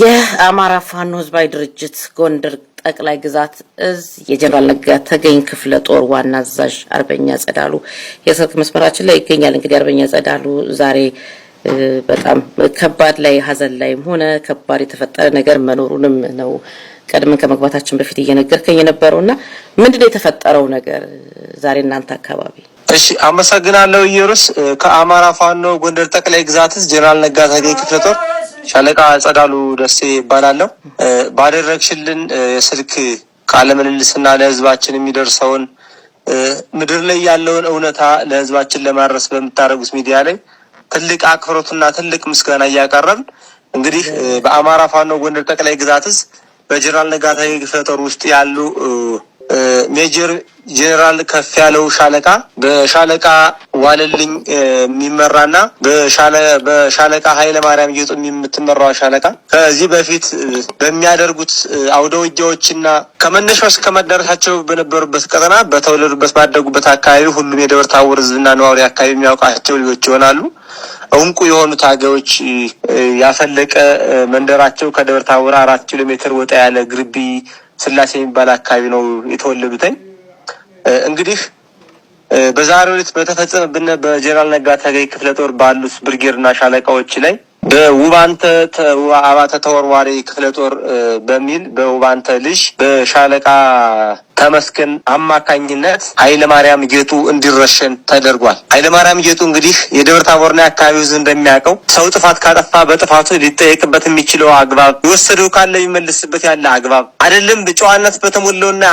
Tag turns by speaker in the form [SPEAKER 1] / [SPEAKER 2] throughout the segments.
[SPEAKER 1] የአማራ ፋኖ ህዝባዊ ድርጅት ጎንደር ጠቅላይ ግዛት እዝ የጀነራል ነጋ ተገኝ ክፍለ ጦር ዋና አዛዥ አርበኛ ጸዳሉ የስልክ መስመራችን ላይ ይገኛል። እንግዲህ አርበኛ ጸዳሉ ዛሬ በጣም ከባድ ላይ ሀዘን ላይም ሆነ ከባድ የተፈጠረ ነገር መኖሩንም ነው ቀድመን ከመግባታችን በፊት እየነገርከኝ የነበረው እና ምንድን ነው የተፈጠረው ነገር ዛሬ እናንተ አካባቢ?
[SPEAKER 2] እሺ አመሰግናለሁ። እየሩስ ከአማራ ፋኖ ጎንደር ጠቅላይ ግዛት እዝ ጀነራል ነጋ ተገኝ ክፍለ ጦር ሻለቃ ጸዳሉ ደሴ ይባላለሁ። ባደረግሽልን የስልክ ቃለ ምልልስና ለህዝባችን የሚደርሰውን ምድር ላይ ያለውን እውነታ ለህዝባችን ለማድረስ በምታደርጉት ሚዲያ ላይ ትልቅ አክብሮትና ትልቅ ምስጋና እያቀረብ እንግዲህ በአማራ ፋኖ ጎንደር ጠቅላይ ግዛትስ በጀነራል ነጋታዊ ፈጠሩ ውስጥ ያሉ ሜጀር ጄኔራል ከፍ ያለው ሻለቃ በሻለቃ ዋለልኝ የሚመራና በሻለቃ ኃይለ ማርያም ጌጡ የምትመራዋ ሻለቃ ከዚህ በፊት በሚያደርጉት አውደ ውጊያዎችና ከመነሻው እስከ መዳረሻቸው በነበሩበት ቀጠና በተወለዱበት ባደጉበት አካባቢ ሁሉም የደብረ ታቦር ሕዝብና ነዋሪ አካባቢ የሚያውቃቸው ልጆች ይሆናሉ። እንቁ የሆኑት ታጋዮች ያፈለቀ መንደራቸው ከደብረ ታቦር አራት ኪሎ ሜትር ወጣ ያለ ግርቢ ስላሴ የሚባል አካባቢ ነው የተወለዱትኝ። እንግዲህ በዛሬው ዕለት በተፈጸመብን በጀነራል ነጋ ተገኝ ክፍለ ጦር ባሉት ብርጌርና ሻለቃዎች ላይ በውባንተ አባተ ተወርዋሪ ክፍለ ጦር በሚል በውባንተ ልጅ በሻለቃ ተመስገን አማካኝነት ኃይለማርያም ጌጡ እንዲረሸን ተደርጓል። ማርያም ጌጡ እንግዲህ የደብረ ታቦርና የአካባቢው ሕዝብ እንደሚያውቀው ሰው ጥፋት ካጠፋ በጥፋቱ ሊጠየቅበት የሚችለው አግባብ የወሰደው ካለ የሚመልስበት ያለ አግባብ አይደለም። በጨዋነት በተሞላውና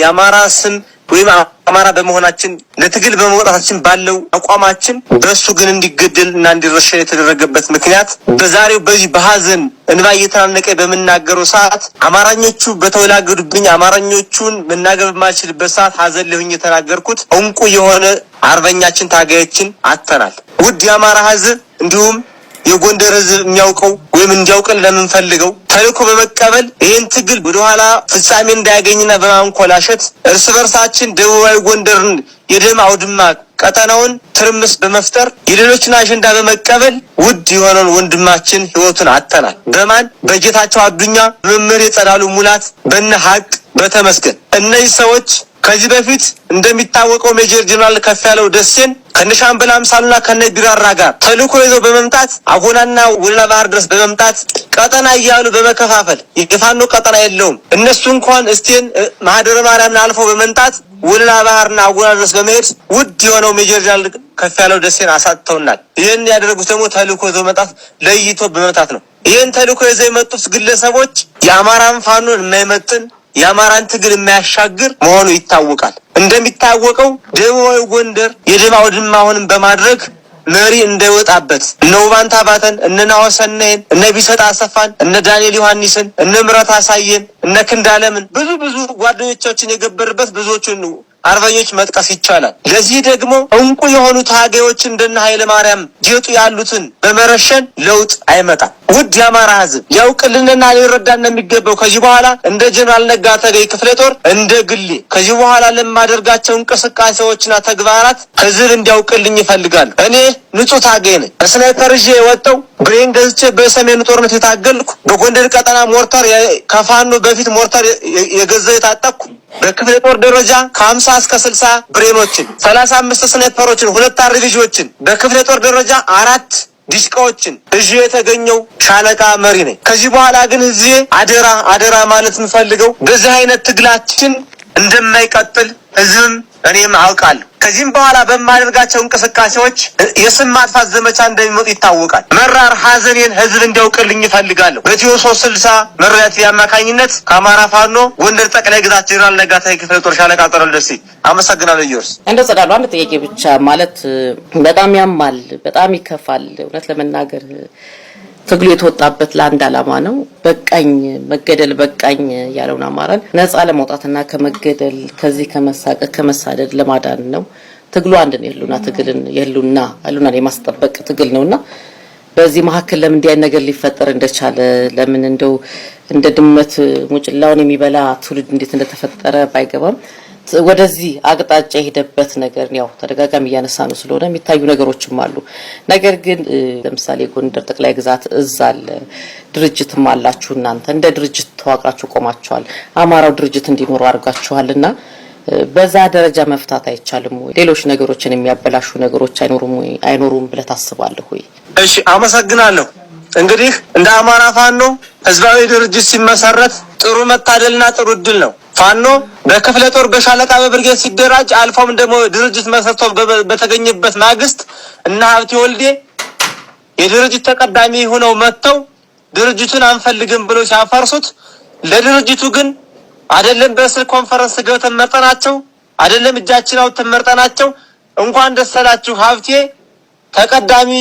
[SPEAKER 2] የአማራ ስም ወይም አማራ በመሆናችን ለትግል በመውጣታችን ባለው አቋማችን በእሱ ግን እንዲገደል እና እንዲረሸ የተደረገበት ምክንያት በዛሬው በዚህ በሀዘን እንባ እየተናነቀ በምናገረው ሰዓት አማራኞቹ በተወላገዱብኝ አማራኞቹን መናገር በማልችልበት ሰዓት ሀዘን ልሁኝ የተናገርኩት እንቁ የሆነ አርበኛችን ታጋዮችን አጥተናል። ውድ የአማራ ህዝብ እንዲሁም የጎንደር ህዝብ የሚያውቀው ወይም እንዲያውቅን ለምንፈልገው ተልኮ በመቀበል ይህን ትግል ወደኋላ ፍጻሜ እንዳያገኝና በማንኮላሸት እርስ በርሳችን ደቡባዊ ጎንደርን የደም አውድማ ቀጠናውን ትርምስ በመፍጠር የሌሎችን አጀንዳ በመቀበል ውድ የሆነውን ወንድማችን ህይወቱን አጥተናል። በማን በጌታቸው አዱኛ፣ በመምህር የጸዳሉ ሙላት፣ በነ ሀቅ በተመስገን እነዚህ ሰዎች ከዚህ በፊት እንደሚታወቀው ሜጀር ጀነራል ያለው ደሴን ከነሻምበል አምሳሉና ከነ ቢራራ ጋር ተልእኮ ይዘው በመምጣት አጎናና ውልና ባህር ድረስ በመምጣት ቀጠና እያሉ በመከፋፈል የፋኖ ቀጠና የለውም እነሱ እንኳን እስቴን ማህደረ ማርያምን አልፎ በመምጣት ውልና ባህርና አጎና ድረስ በመሄድ ውድ የሆነው ሜጀር ጀነራል ያለው ደሴን አሳጥተውናል። ይህን ያደረጉት ደግሞ ተልእኮ ይዘው መምጣት ለይቶ በመምጣት ነው። ይህን ተልእኮ ይዘው የመጡት ግለሰቦች የአማራን ፋኖን የማይመጥን የአማራን ትግል የማያሻግር መሆኑ ይታወቃል። እንደሚታወቀው ደቡባዊ ጎንደር የደም አውድማ አሁንም በማድረግ መሪ እንዳይወጣበት እነ ውባንታ ባተን፣ እነ ናወሰናይን፣ እነ ቢሰጥ አሰፋን፣ እነ ዳንኤል ዮሐንስን፣ እነ ምረት አሳየን እነ ክንዳለምን ብዙ ብዙ ጓደኞቻችን የገበርበት ብዙዎቹን አርበኞች መጥቀስ ይቻላል። ለዚህ ደግሞ እንቁ የሆኑ ታጋዮች እንደነ ኃይለ ማርያም ጌጡ ያሉትን በመረሸን ለውጥ አይመጣም። ውድ የአማራ ሕዝብ ያውቅልንና ሊረዳን የሚገባው። ከዚህ በኋላ እንደ ጀነራል ነጋ ተገኝ ክፍለ ጦር እንደ ግሌ ከዚህ በኋላ ለማደርጋቸው እንቅስቃሴዎችና ተግባራት ሕዝብ እንዲያውቅልኝ ይፈልጋል። እኔ ንጹህ ታጋይ ነኝ። ስናይፐር ይዤ የወጣው ብሬን ገዝቼ በሰሜኑ ጦርነት የታገልኩ በጎንደር ቀጠና ሞርተር ከፋኖ በፊት ሞርተር የገዛ የታጠቅኩ በክፍለ ጦር ደረጃ ከሀምሳ እስከ ስልሳ ብሬኖችን፣ ሰላሳ አምስት ስናይፐሮችን፣ ሁለት አርቪዥዎችን በክፍለ ጦር ደረጃ አራት ዲሽቃዎችን እዥ የተገኘው ሻለቃ መሪ ነኝ። ከዚህ በኋላ ግን እዚህ አደራ አደራ ማለት የምፈልገው በዚህ አይነት ትግላችን እንደማይቀጥል ህዝብም እኔም አውቃለሁ። ከዚህም በኋላ በማደርጋቸው እንቅስቃሴዎች የስም ማጥፋት ዘመቻ እንደሚመጡ ይታወቃል። መራር ሀዘኔን ህዝብ እንዲያውቅልኝ ይፈልጋለሁ። በኢትዮ ሶስት ስልሳ መረዳት አማካኝነት ከአማራ ፋኖ ጎንደር ጠቅላይ ግዛት ጀኔራል ነጋታ ክፍለ ጦር ሻለቃ ጠረል ደሴ አመሰግናለሁ። ዮርስ
[SPEAKER 1] እንደ ጸዳሉ አንድ ጥያቄ ብቻ ማለት በጣም ያማል፣ በጣም ይከፋል እውነት ለመናገር ትግሉ የተወጣበት ለአንድ አላማ ነው። በቃኝ መገደል በቃኝ ያለውን አማራን ነፃ ለማውጣትና ከመገደል ከዚህ ከመሳቀቅ ከመሳደድ ለማዳን ነው። ትግሉ አንድ ነው። የህሉና ትግልን የህሉና ህሉናን የማስጠበቅ ትግል ነውና በዚህ መካከል ለምን እንዲያ ነገር ሊፈጠር እንደቻለ ለምን እንደው እንደ ድመት ሙጭላውን የሚበላ ትውልድ እንዴት እንደተፈጠረ ባይገባም ወደዚህ አቅጣጫ የሄደበት ነገር ያው ተደጋጋሚ እያነሳ ነው ስለሆነ የሚታዩ ነገሮችም አሉ። ነገር ግን ለምሳሌ ጎንደር ጠቅላይ ግዛት እዝ አለ፣ ድርጅትም አላችሁ እናንተ እንደ ድርጅት ተዋቅራችሁ ቆማችኋል። አማራው ድርጅት እንዲኖረው አድርጋችኋል እና በዛ ደረጃ መፍታት አይቻልም ወይ? ሌሎች ነገሮችን የሚያበላሹ ነገሮች አይኖሩም ወይ? አይኖሩም ብለህ ታስባለህ ወይ?
[SPEAKER 2] እሺ፣ አመሰግናለሁ። እንግዲህ እንደ አማራ ፋኖ ህዝባዊ ድርጅት ሲመሰረት ጥሩ መታደልና ጥሩ እድል ነው። ፋኖ በክፍለ ጦር በሻለቃ በብርጌድ ሲደራጅ አልፎም ደግሞ ድርጅት መሰርቶ በተገኘበት ማግስት እና ሀብቴ ወልዴ የድርጅት ተቀዳሚ ሆነው መጥተው ድርጅቱን አንፈልግም ብለው ሲያፈርሱት ለድርጅቱ ግን አይደለም በስልክ ኮንፈረንስ ገብተን መርጠናቸው አይደለም እጃችን አውጥተን መርጠናቸው እንኳን ደስ አላችሁ ሀብቴ ተቀዳሚ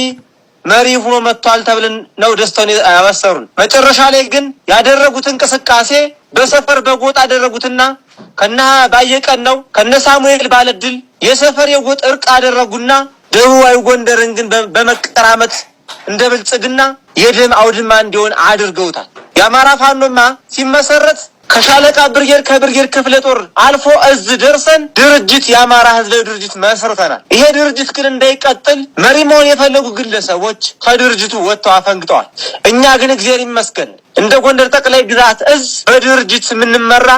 [SPEAKER 2] መሪ ሆኖ መጥቷል ተብለን ነው ደስተውን ያበሰሩን። መጨረሻ ላይ ግን ያደረጉት እንቅስቃሴ በሰፈር በጎጥ አደረጉትና ከነ ባየቀን ነው ከነ ሳሙኤል ባለድል የሰፈር የጎጥ እርቅ አደረጉና ደቡባዊ ጎንደርን ግን በመቀራመት እንደ ብልጽግና የደም አውድማ እንዲሆን አድርገውታል። የአማራ ፋኖማ ሲመሰረት ከሻለቃ ብርጌድ ከብርጌድ ክፍለ ጦር አልፎ እዝ ደርሰን ድርጅት የአማራ ህዝብ ድርጅት መስርተናል። ይሄ ድርጅት ግን እንዳይቀጥል መሪ መሆን የፈለጉ ግለሰቦች ከድርጅቱ ወጥተው አፈንግጠዋል። እኛ ግን እግዜር ይመስገን እንደ ጎንደር ጠቅላይ ግዛት እዝ በድርጅት የምንመራ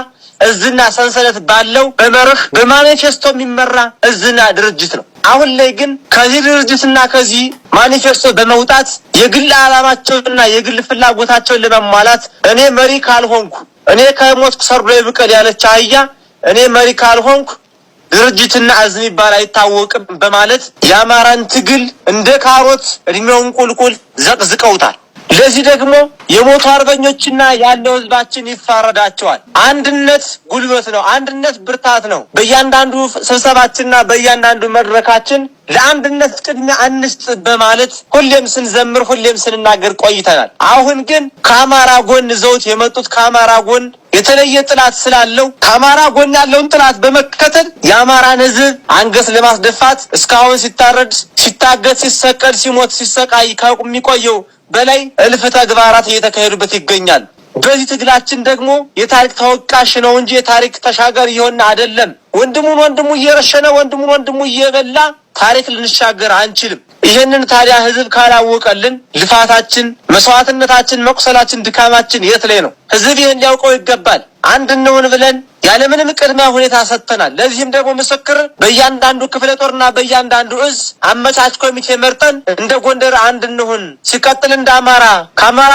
[SPEAKER 2] እዝና ሰንሰለት ባለው በመርህ በማኒፌስቶ የሚመራ እዝና ድርጅት ነው። አሁን ላይ ግን ከዚህ ድርጅትና ከዚህ ማኒፌስቶ በመውጣት የግል ዓላማቸውንና የግል ፍላጎታቸውን ለመሟላት እኔ መሪ ካልሆንኩ እኔ ከሞትኩ ሰርዶ ብቀል ያለች አህያ እኔ መሪ ካልሆንኩ ድርጅትና አዝም ይባል አይታወቅም በማለት የአማራን ትግል እንደ ካሮት እድሜውን ቁልቁል ዘቅዝቀውታል። ለዚህ ደግሞ የሞቱ አርበኞችና ያለው ህዝባችን ይፋረዳቸዋል። አንድነት ጉልበት ነው። አንድነት ብርታት ነው። በእያንዳንዱ ስብሰባችንና በእያንዳንዱ መድረካችን ለአንድነት ቅድሚያ አንስጥ በማለት ሁሌም ስንዘምር ሁሌም ስንናገር ቆይተናል። አሁን ግን ከአማራ ጎን ዘውት የመጡት ከአማራ ጎን የተለየ ጥላት ስላለው ከአማራ ጎን ያለውን ጥላት በመከተል የአማራን ህዝብ አንገት ለማስደፋት እስካሁን ሲታረድ ሲታገት፣ ሲሰቀል፣ ሲሞት፣ ሲሰቃይ ከሚቆየው በላይ እልፍ ተግባራት እየተካሄዱበት ይገኛል። በዚህ ትግላችን ደግሞ የታሪክ ተወቃሽ ነው እንጂ የታሪክ ተሻገር እየሆነ አይደለም። ወንድሙን ወንድሙ እየረሸነ ወንድሙን ወንድሙ እየበላ ታሪክ ልንሻገር አንችልም። ይህንን ታዲያ ህዝብ ካላወቀልን ልፋታችን፣ መስዋዕትነታችን፣ መቁሰላችን፣ ድካማችን የት ላይ ነው? ህዝብ ይህን ሊያውቀው ይገባል። አንድ እንውን ብለን ያለምንም ቅድሚያ ሁኔታ ሰጥተናል። ለዚህም ደግሞ ምስክር በእያንዳንዱ ክፍለ ጦርና በእያንዳንዱ እዝ አመቻች ኮሚቴ መርጠን እንደ ጎንደር አንድ እንሁን፣ ሲቀጥል እንደ አማራ፣ ከአማራ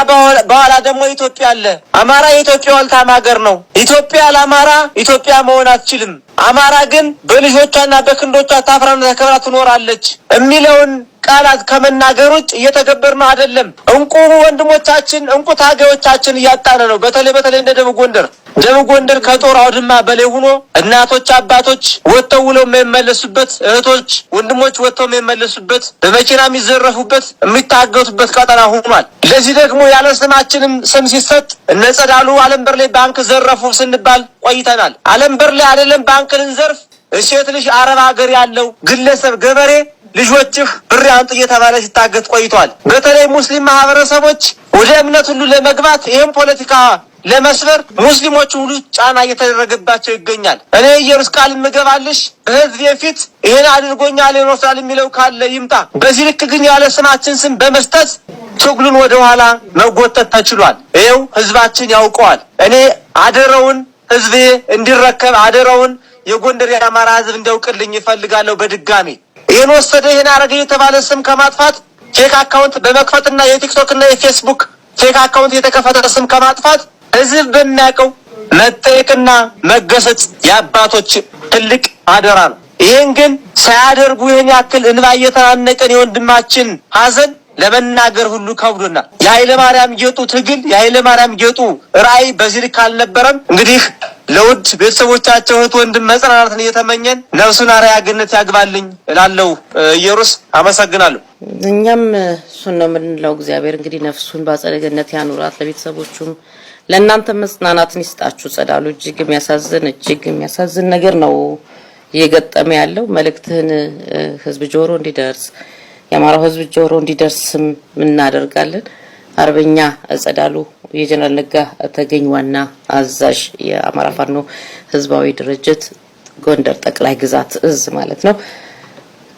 [SPEAKER 2] በኋላ ደግሞ ኢትዮጵያ አለ። አማራ የኢትዮጵያ ዋልታም ሀገር ነው። ኢትዮጵያ ለአማራ ኢትዮጵያ መሆን አትችልም። አማራ ግን በልጆቿና በክንዶቿ ታፍራና ተከብራ ትኖራለች የሚለውን ቃላት ከመናገር ውጭ እየተገበርነው አይደለም። እንቁ ወንድሞቻችን እንቁ ታጋዮቻችን እያጣነ ነው። በተለይ በተለይ እንደ ደቡብ ጎንደር ደቡብ ጎንደር ከጦር አውድማ በላይ ሆኖ እናቶች አባቶች ወጥተው ውለው የማይመለሱበት፣ እህቶች ወንድሞች ወጥተው የማይመለሱበት፣ በመኪና የሚዘረፉበት የሚታገቱበት ቀጠና ሆኗል። ለዚህ ደግሞ ያለ ስማችንም ስም ሲሰጥ እነ ጸዳሉ አለምበር ላይ ባንክ ዘረፉ ስንባል ቆይተናል። አለምበር ላይ አይደለም ባንክ ልንዘርፍ እሴት ልጅ አረብ ሀገር ያለው ግለሰብ ገበሬ ልጆችህ ብር አንጡ እየተባለ ሲታገት ቆይቷል። በተለይ ሙስሊም ማህበረሰቦች ወደ እምነት ሁሉ ለመግባት ይህም ፖለቲካ ለመስበር ሙስሊሞች ሁሉ ጫና እየተደረገባቸው ይገኛል። እኔ ቃል ምገባልሽ በህዝብ የፊት ይህን አድርጎኛል ይኖርሳል የሚለው ካለ ይምጣ። በዚህ ልክ ግን ያለ ስማችን ስም በመስጠት ትግሉን ወደኋላ መጎተት ተችሏል። ይኸው ህዝባችን ያውቀዋል። እኔ አደረውን ህዝቤ እንዲረከብ አደረውን የጎንደር የአማራ ህዝብ እንዲያውቅልኝ ይፈልጋለሁ በድጋሜ ይህን ወሰደ ይህን አረገ የተባለ ስም ከማጥፋት ፌክ አካውንት በመክፈትና የቲክቶክ እና የፌስቡክ ፌክ አካውንት የተከፈተ ስም ከማጥፋት ህዝብ በሚያውቀው መጠየቅና መገሰጽ የአባቶች ትልቅ አደራ ነው። ይህን ግን ሳያደርጉ ይህን ያክል እንባ እየተናነቀን የወንድማችን ሀዘን ለመናገር ሁሉ ከብዶናል። ማርያም ጌጡ ትግል የኃይለማርያም ጌጡ ራዕይ በዚህ ልክ አልነበረም እንግዲህ ለውድ ቤተሰቦቻቸው እህት ወንድም መጽናናትን እየተመኘን ነፍሱን አርያ ገነት ያግባልኝ እላለሁ። ኢየሩስ አመሰግናለሁ።
[SPEAKER 1] እኛም እሱን ነው የምንለው። እግዚአብሔር እንግዲህ ነፍሱን በአጸደ ገነት ያኑራት፣ ለቤተሰቦቹም ለእናንተ መጽናናትን ይስጣችሁ። ጸዳሉ እጅግ የሚያሳዝን እጅግ የሚያሳዝን ነገር ነው እየገጠመ ያለው። መልእክትህን ህዝብ ጆሮ እንዲደርስ የአማራው ህዝብ ጆሮ እንዲደርስም እናደርጋለን። አርበኛ ጸዳሉ የጀነራል ነጋ ተገኝ ዋና አዛዥ የአማራ ፋኖ ህዝባዊ ድርጅት ጎንደር ጠቅላይ ግዛት እዝ ማለት ነው።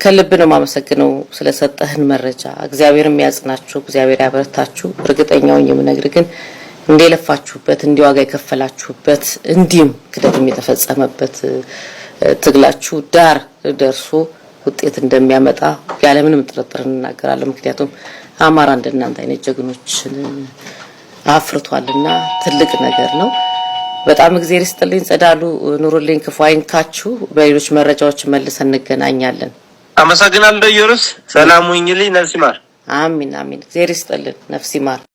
[SPEAKER 1] ከልብ ነው የማመሰግነው ስለሰጠህን መረጃ። እግዚአብሔርም ያጽናችሁ፣ እግዚአብሔር ያበረታችሁ። እርግጠኛውን የምነግር ግን እንደለፋችሁበት እንዲ ዋጋ የከፈላችሁበት እንዲሁም ክደትም የተፈጸመበት ትግላችሁ ዳር ደርሶ ውጤት እንደሚያመጣ ያለምንም ጥርጥር እንናገራለን። ምክንያቱም አማራ እንደናንተ አይነት ጀግኖችን አፍርቷልና ትልቅ ነገር ነው። በጣም እግዜር ይስጥልኝ። ጸዳሉ ኑሩልኝ፣ ክፉ አይንካችሁ። በሌሎች መረጃዎች መልሰን እንገናኛለን።
[SPEAKER 2] አመሰግናለሁ። ኢየሩስ ሰላም
[SPEAKER 1] ነፍሲ ማር